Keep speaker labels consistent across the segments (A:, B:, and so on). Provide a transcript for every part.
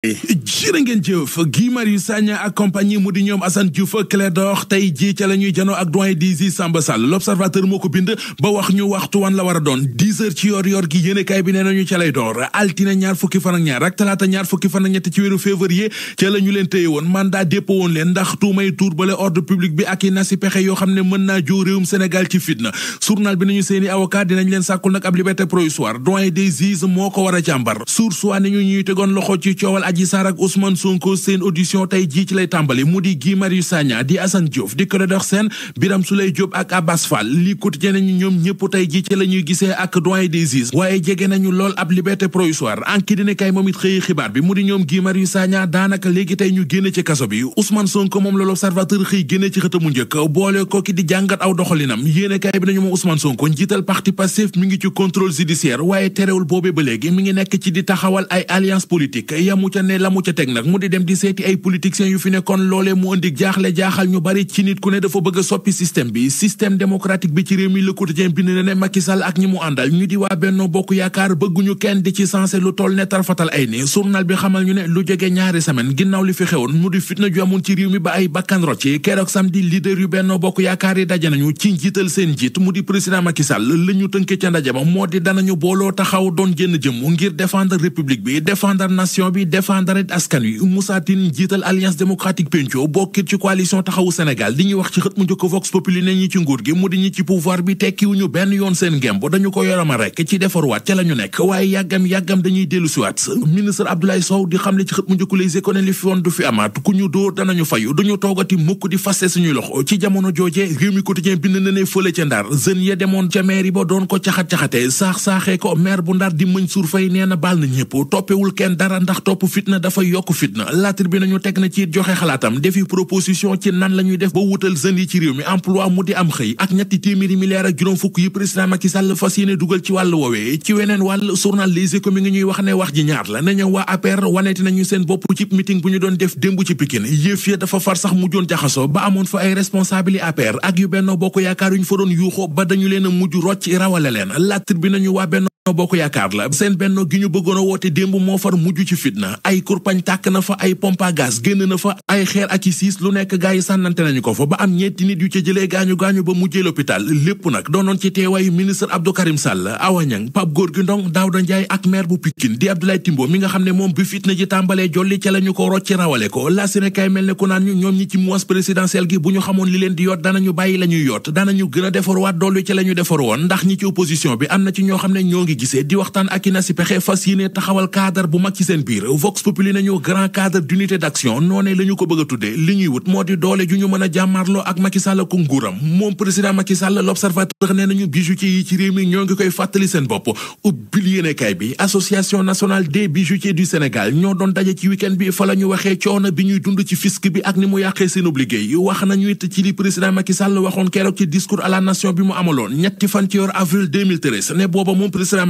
A: jërë ngeen jëf Guy Marius Sagna ak compagnie mu di ñoom Assane Diouf Clédor tey jii ca la janoo ak doyen di si Samba l'observateur moo ko bind ba wax ñu waxtu wan la war doon 10 ci yoor yoor gi yéenekaay bi nee nañu ca lay door altine ñaar fukki fan ñaar ak talaata ñaar fukki fan ak ñett ci weeru février ca la leen téye woon mandat dépôt woon leen ndax tuumay tuur bale ordre public bi ak i nasi pexe yoo xam ne mën naa joo réewum Adji Sarr ak Ousmane Sonko seen audition tey jii ci lay tàmbali mu di Guy Marius Sagna di Assane Diouf di Clédor Sène Birame Souleye Diop ak Abbas Fall lii quotidien nañu ñoom tey jii ci la ñuy gisee ak doyen des juges waaye jege nañu lool ab liberté provisoire enquête dina moom it xëyi xibaar bi mu di ñoom Guy Marius Sagna daanaka léegi tey ñu génne ci kaso bi Ousmane Sonko moom loolu observateur xëy génne ci xëtamu njëkk boole ko ki di jàngat aw doxalinam yéene ne la mu ca nag mu di dem di seeti ay politiciens yu fi nekkoon loolee mu indi jaaxle jaaxal ñu bari ci nit ku ne dafa bëgg a soppi système bi système démocratique bi ci réew mi Le Quotidien bind na ne Macky ak ñi mu àndal ñu di waa Benno Bokk Yaakaar bëgguñu kenn di ci sensé lu toll ne tarfatal ay ni journal bi xamal ñu ne lu jege ñaari semaine ginnaaw li fi xewoon mu di fitna ju amoon ci réew mi ba ay bakkan rot ci keroog samedi leader yu Benno Bokk Yaakaar yi daje nañu ci njiital seen mu di président Macky Sall la ñu tënke ca ndaje moo di danañu booloo taxaw doon jënn jëm ngir défendre république bi défendre nation défendre askan wi Moussa Tine jiital alliance démocratique penco bokkit ci coalition taxawu Sénégal di ñuy wax ci xët mu njëkk vox populi ne ñi ci nguur gi mu di ñi ci pouvoir bi tekkiwuñu benn yoon seen ngemb dañu ko yorama rek ci defarwaat ca la nekk waaye yàggam-yàggam dañuy dellu siwaat ministre Abdoulaye Sow di xamle ci xët mu njëkk Les Échos ne du fi amaat ku ñu dóor danañu fayu duñu toogati mukk di faste suñuy loxo ci jamono jooje fitna dafa yokk fitna la tribune ñu teg na ci joxe xalaatam defi proposition ci nan la def ba wutal jeunes ci réew mi emploi mu di am xëy ak ñetti téeméeri milliards juróom fukk yi président Macky Sall fas yéene dugal ci wàll woowee ci weneen wàll journal Les Échos mi ngi ñuy wax ne wax ji ñaar la nañu waa APR waneeti nañu seen bopp ci meeting bu ñu doon def démb ci Pikine yëf ya dafa far sax mujjoon jaxasoo ba amoon fa ay responsable yi benno bokk yaakaar la seen benno gi ñu bëggoon a woote démb moo far mujj ci fitna ay kurpañ tàkk na fa ay pompe génn na fa ay xeer ak i lu nekk gaa sànnante nañu ko fa ba am ñetti nit yu ca jëlee gaañu-gaañu ba mujjee l'hôpital lépp nag doonoon ci teewaayu ministre Abdou Karim Sall Awa Niang Pape Gorgui Ndong Daouda Ndiaye ak maire bu Pikine di Abdoulaye Timbo mi nga xam ne moom bi fitna ji tàmbalee jolli ca la ko rocc rawale ko la sinekaay a gisee di waxtaan ak i si pexe fas yéene taxawal cadre bu mag ci seen biir vox populi nañu grand cadre d'unité d'action noonee la ko bëgg a li ñuy wut moo di doole ju ñu mën jàmmarloo ak Macky Sall nguuram moom président Macky Sall l'observateur nañu bijoutier yi ci réew mi ñoo ngi koy fàttali seen bopp ubbil yéenekaay bi association nationale des bijoutiers du Sénégal ñoo doon daje ci week bi fa la waxee coono bi ñuy dund ci fisc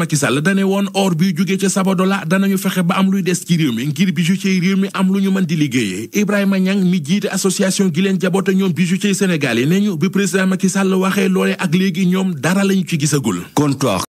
A: Macky Sall dane woon or bi jógee ca Sabadola danañu fexe ba am luy des ci réew mi ngir bijoutier réew mi am lu ñu mën di liggéeyee Ibrahima Niang mi jiite association gi leen jaboote ñoom bijoutier Sénégal yi ne ñu bi président Macky Sall waxee loolee ak léegi ñoom dara lañu ci gisagul